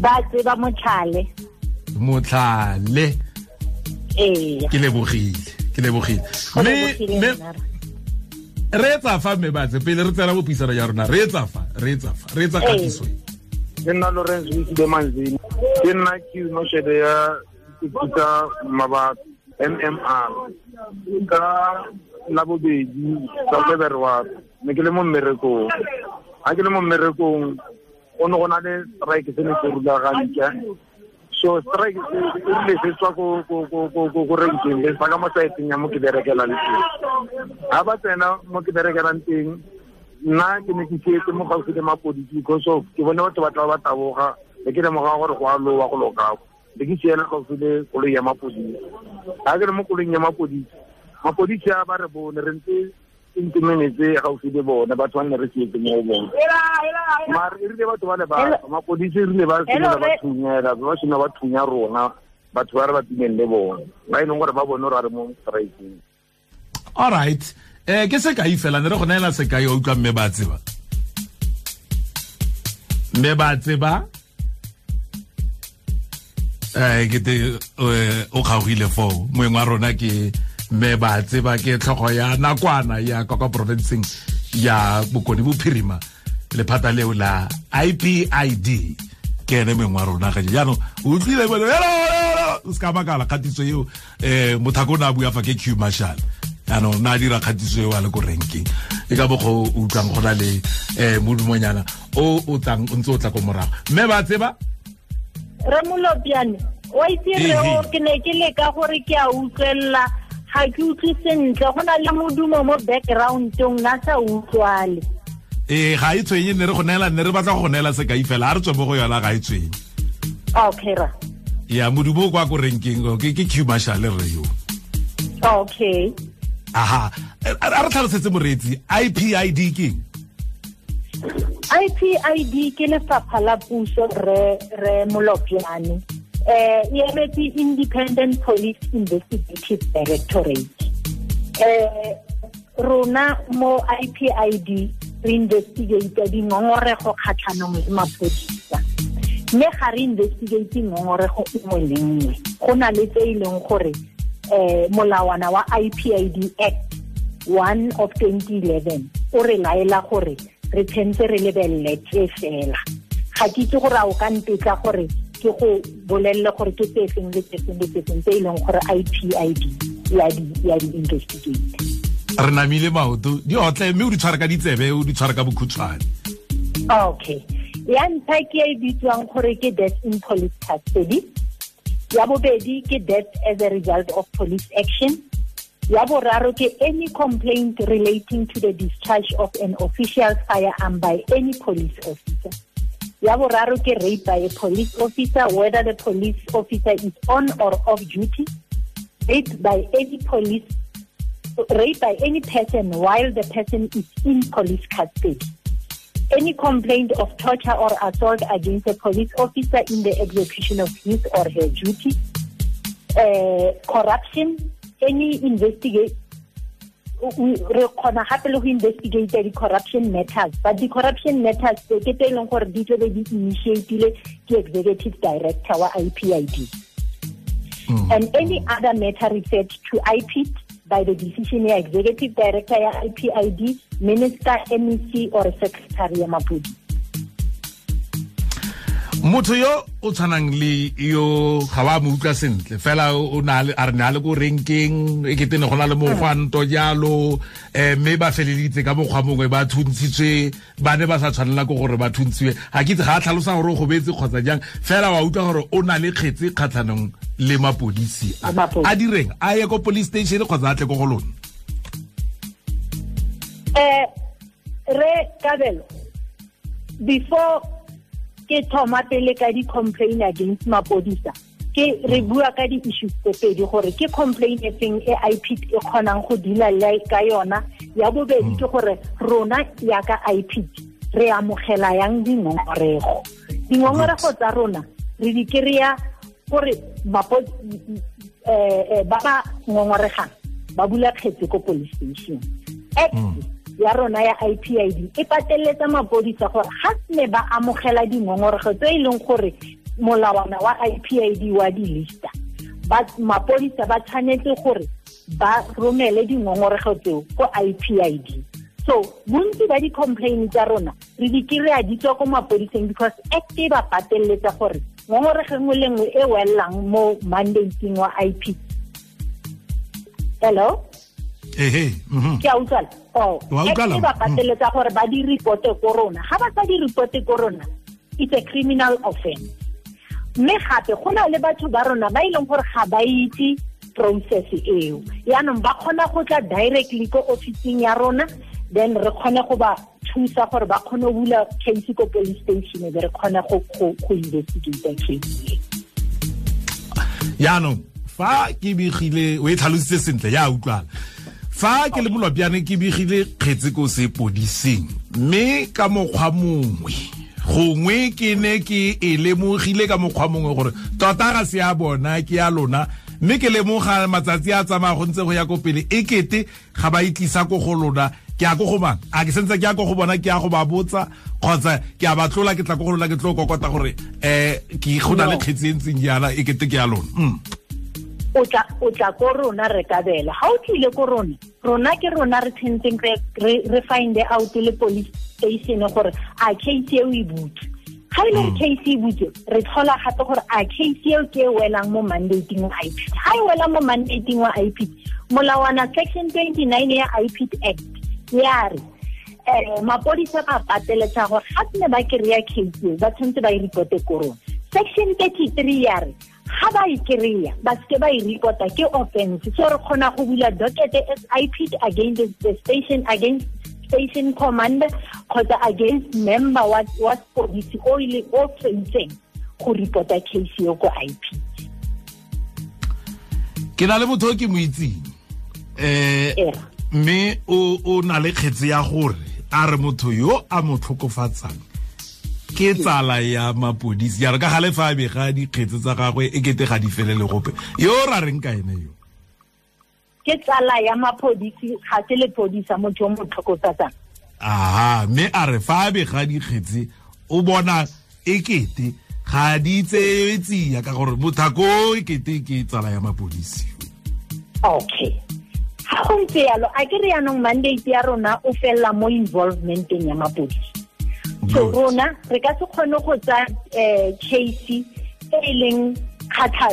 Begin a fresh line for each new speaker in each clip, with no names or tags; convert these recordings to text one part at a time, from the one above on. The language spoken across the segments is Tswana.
ba tseba motlhale
motlhale ke lebogile ke lebogile mme re tsa fa mme batse pele re tsena mo puisano ya rona re tsa fa re tsa fa re tsa katiso ke nna Lawrence Wikile Manzini ke nna ke no shede ya tsa mabat MMR ka la bobedi tsa February ne ke le mo mmerekong ha ke le mo mmerekong go go na le strike se ne se rulagantša so strike e rile se tswa ko renkeng le sa ka mo saeteng ya mo ke berekelang teng ga ba tsena mo ke berekelang teng nna ke ne ke sietse mo gaufi le mapodisi because of ke bone batho ba tla ba taboga le ke lemoga gore go a lowa go lokako le ke siela gaufi le koloi ya mapodisi ga ke le mo koloing ya mapodisi mapodisi a ba re bone re ntse intumeletse gaufi le bone batho ba nne re seetse mo go mare e rile batho ba le batho mapodisi e rile ba senola ba thunyela ba senola ba thunya rona batho ba re ba timeng le bone ba e leng gore ba bone gore a re mo strikeng all right eh ke sekai fela ne re go neela se kai o utlwa mme ba tseba mme ba tseba eh ke te eh, o kgaogile foo moeng wa rona ke mme ba tseba ke tlhogo ya nakwana ya kwa kwa provinceng ya bokoni bophirima lephata leo la ipid ke ene mengwe wa rona ga jaanong o utlwile o se makala kgatiso eo um eh, mothako o ne a bua fa ke q marshal jaanong na dira kgatiso eo a le ko renkeng e ka bogo o utlwang go na le um eh, modumonyana o o tlang o ntse o tla ko morago mme ba tseba
remolopiane wa itse o ke ne ke leka gore ke a utlwelela ga ke utlwe sentle go na le modumo mo backgroundong na sa utlwale
ee ga e tshwenye nne re go neela nne re batla go go neela sekai fela a re tswe mo go yona ga e tshwenye okay ra ya modumo o kwa ko renkeng ke q mashale rre yo
okay
aha a re tlhalosetse moreetsi ipid
keng d ke lefapha la puso re re molopjane eh EMP Independent Police Investigative Directorate eh rona mo IPID re investigate dingongorego kgatlhanong le mapodisa mme ga re investigate ngongorego e mo le nngwe le tse e gore eh molawana wa IPID Act 1 of 2011 o re laela gore re tshentse re lebelele tse fela ga ke itse gore a o ka ntetla gore ke go bolelle gore ke le le tse e leng gore IPID ya di investigate
re namile maoto di otle mme o di tshware ka ditsebe o di tshware ka bokhutshwane
okay ya ntlha ke e bitswang gore ke death in police custody ya bobedi ke death as a result of police action ya boraro ke any complaint relating to the discharge of an official firearm by any police officer ya boraro ke rape by a police officer whether the police officer is on or off duty rape by any police rape by any person while the person is in police custody any complaint of torture or assault against a police officer in the execution of his or her duty uh, corruption any investigation re kgona gape le go investigate di-corruption matters but di-corruption matters tse ke tse e leng gore di tsebe di initiatile ke executive director wa ipid mm. and any other matter referred to ipid by the decision ya executive director ya ipid minister mec or secretary ya mapodisi
motho yo o tshwanang le yo ga wa mo utlwa sentle fela o na le a re na le ko renkeng e ke tene go na le mogwanto jalo um mme ba feleditse ka mokgwa mongwe ba thuntshitswe ba ne ba sa tshwanela ke gore ba thuntshiwe ga ke itse ga a tlhalosa gore o gobetse kgotsa jang fela wa utlwa gore o na le kgetse kgatlhanong le mapodisi a a direng a ye ko police station kgotsa a tle ko go lone
eh, um re kabelo before ke thoma pele ka di-complain against mapodisa ke re bua ka di-issues tse pedi gore ke complain e feng e ipd e kgonang go dila le ka yona ya bobedi ke gore rona yaka ipd re amogela yang dingongorego dingongorego tsa rona re di kry-a gore eh, eh, ba ba ngongoregang ba bula kgetse ko police station act mm. ya rona ya IPID e pateletsa mapodisa gore ga se ba amogela dingongorego tse e leng gore molawana wa IPID wa di lista ba mapodisa ba tshwanetse gore ba romele dingongorego tseo ko IPID so bontsi ba di-complain tsa rona re di kry-a di tswa ko mapodiseng because act e ba pateletsa gore ngongorege nngwe le nngwe e wellang mo mandateng wa ip hello
ehe mhm.
ke a utlwala o oh, e ba mm. pateletsa gore ba di reporte ko rona ga ba sa di reporte ko rona it's a criminal offence mme gape go na le batho ba rona ba e leng gore ga ba itse process eo yaanong ba kgona go tla directly ko officing ya rona then re kgone go ba thusa gore ba kgone go bula case ko police station be re kgone go investigate case e.
yaanong fa ke begile o e tlhalositse sentle ya utlwala fa ke le molwapiane ke begile kgetse ko se podiseng mme ka mokgwa mongwe gongwe ke ne ke e lemogile ka mokgwa mongwe gore tota ga se ya bona ke ya lona mme ke lemoga matsatsi a tsamaya go ntse go ya ko pele e kete ga ba itlisa ko go lona ke ya ko go mang a ke sentse ke ya ko go bona ke ya go ba botsa kgotsa ke a ba tlola ke tla ko go lona ke tlo kokota gore um go na le kgetsi e ntseng jana e kete ke ya lona mm.
o tla o tla ko rona re kabela ha o tle ko rona rona ke rona re tsentseng re re find out le police station gore a case e ha ile e hmm. e re case re tlhola gape gore a case e ke welang mo mandating wa IP ha e mo mandating wa IP molawana section 29 ya IP act ya e re eh mapolisa ba pateletsa gore ga tsene ba kirea case ba tsentse ba report e korona section 33 ya ga ba e kry-a ba seke ba e reporta ke offense so re kgona go bula dockete sip against the station against station commander kgotsa against member wa police o ile o tshwentseng go report-a case yo ko i ip
ke na le motho o ke mo itseng um mme o na le kgetse ya gore a re motho yo a mo tlhokofatsang ke tsala ya mapodisi yaro ka galefa a bega dikgetse tsa gagwe e kete ga di felele gope yo ra reng ka ene yo
ke tsala ya mapodisi ga ke le podisa motho yo motlhokofatsang
aha mme a re fa a bega dikgetse o bona e kete ga di tseetsiya ka gore mothako e kete ke tsala ya mapodisi
okay ga go ntse yalo a ke re yaanong mandate ya rona o felela mo involvementeng ya mapodisi so rona re ka se kgone go tsa um eh, case e e leng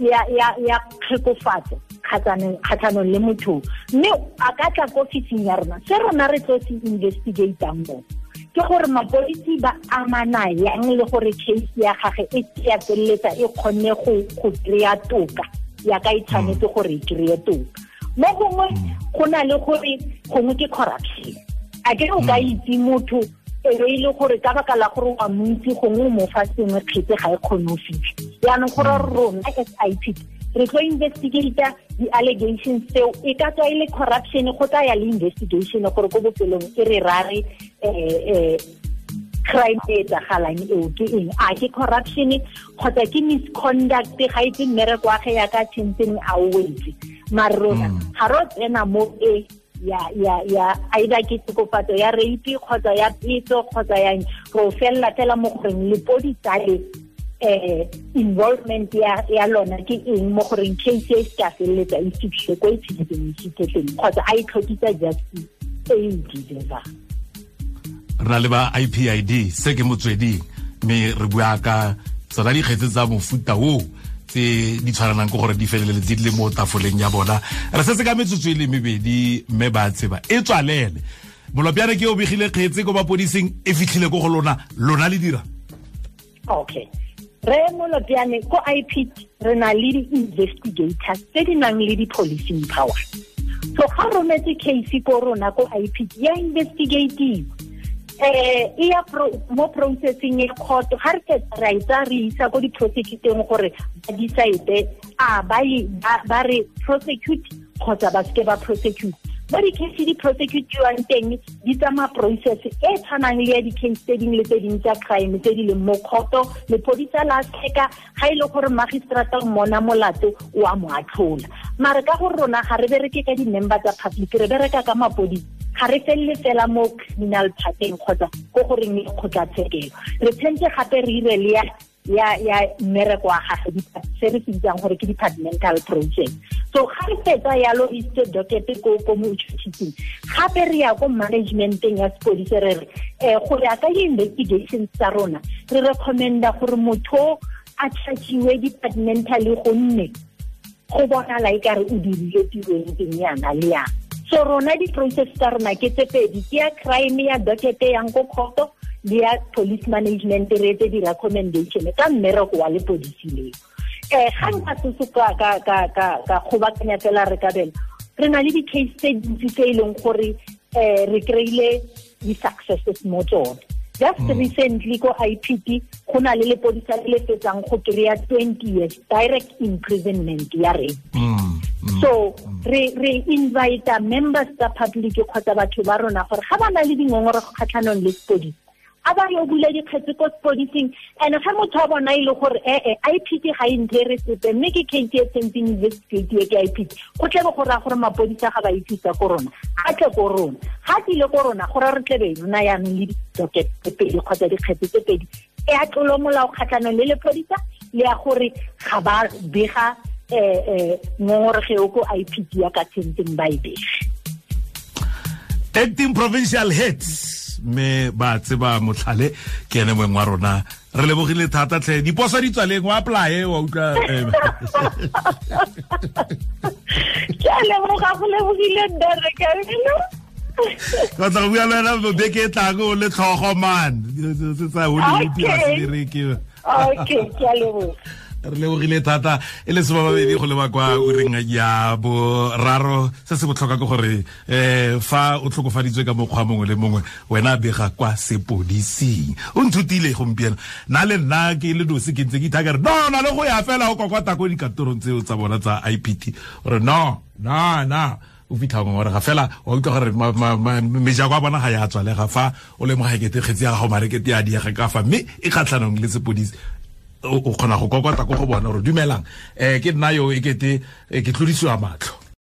ya kgekofatso kgathanong le motho mme a ka tla ko officing ya rona se rona re tlo se investigatang mo ke gore mapodisi ba amana yang le gore case ya gage e ya feleletsa e kgonne go kry-a toka ya ka e tshwanetse mm. gore e kry-e toka mo gongwe mm. go na le gore gongwe ke corruption a ke o ka mm. itse motho be e le gore ka baka la gore wa montsi gongwe o mo fa sengwe kgetse ga e kgone go fitlha jaanong gore rona as ipd re tlo investigata di-allegations tseo e ka tswa e le corruption go tsaya le investigation gore ko bofelong e re rare um eh, eh, crime e etsagalang eo ke eng a ke corruption kgotsa ke misconduct ga itse e mmereko age yaka tshwantseng a o wetse maarona mm. ga re o tsena mo e ya ya ya aida ke tokofatso ya rape kgotsa ya petso kgotsa ya ro fella fela mo goreng lepodisa le eh involvement ya lona ke eng mo goreng case e ska feleletsa e, e fitlhe ko e tshwanetseng e fitlhetleng kgotsa a e tlhokisa justice e e deservang
re na le ba d se ke motsweding mme re bua ka tsona dikgetse tsa mofuta oo tse di tshwaranang ke gore di felelele tse di le mo tafoleng ya bona re setse ka metsotso e le mebedi mme ba tseba e tswalele molwapiana ke o begile kgetse ko mapodising e fitlhile ko go lona lona le dira
okay re molopiane ko ip re na le di-investigators tse di nang le di-policing power so ga rometse case ko rona ko ip ya investigatiwa eh ia mo processing e khoto ga re tsara itsa re isa go di prosecuteng gore ba di site a ba ba re prosecute khotsa ba ske ba prosecute ba di case di prosecute you and then di tsama process e tsanang le ya di case tse dingwe le tse dingwe tsa crime tse di leng mo khoto le podisa la tsheka ga ile gore magistrate o mona molato o a mo atlhola mara ka gore rona ga re bereke ka di member tsa public re bereka ka mapodisa ga re felele fela mo criminal pateng kgotsa ko gore ne kgotlatshekelo re tshwanetse gape re 'ire le ya ya mmereko wa gage se re se ditsang gore ke departmental project so ga re fetsa yalo iste e dokete ko ko mo utšhotšhitseng gape re ya ko managementeng ya sepodise re re um go ya ka di-investigations tsa rona re recommenda gore motho o a charchiwe departmentally gonne go bonala e kare o dirile tirong e teng yana le yana so rona di-process tsa rona ke tse pedi ke ya crime ya dokete yang ko kgoto le ya police management re etse di-recommendation ka mmereko wa le policy leo um ga nka sese ka kgobakanya fela re kabela re na le di-case tse dintsi tse e leng gore um re kry-ile di-successes mo tsone just mm. recently ko i p t go na le lepodisa le le fetsang go kry-a twenty years direct imprisonment ya rape so re re invite members tsa public kgotsa batho ba rona gore ga ba na le dingongorego kgatlhanong le sepodi a ba yo bula dikgetse ko sepodising and ga motho a bona e le gore ee i p t ga e nthe re sepe mme ke k t s sentse university ye ke i p t go tlebe go raya gore mapodisa ga ba ithusa ko rona a tle ko rona ga tlile ko rona gore re tlebe rona yanong le didoket tse pedi kgotsa dikgetse tse pedi e a tlolo molao kgatlhanong le lepodisa le ya gore ga ba bega eh, eh ngongorege o ko IPT ya ka tenteng ba e
acting provincial heads me ba tseba motlhale ke ene moeng wa rona re lebogile thata tlhe diposo di tswaleng wa apply wa utlwa eh.
ke a leboga go lebogile ndarre ke
tla go bua le wena beke e tlang o le man se tsa holy okay
ke a leboga
re lebogile thata e le somamabedi go leba kwa ureng ya boraro se se botlhokwa ke gore um fa o tlhokofaditswe ka mokgwa mongwe le mongwe wena bega kwa sepodising o nthutile gompieno na le nna ke le nosi ke ntse ke itha kere no na le go ya fela o kokota ko dikatorong tseo tsa bona tsa i p t no na na o fitlha ngwe gore ga fela wa utlwa gore meja kwa bona ga ya tswalega fa o lemoga ekete ya gago marekete ya diega ka fa mme e kgatlhanong le sepodisi o kgona go kokota ko go bona gore dumelang um ke nna yo e kete eh, ke tlodisiwa matlho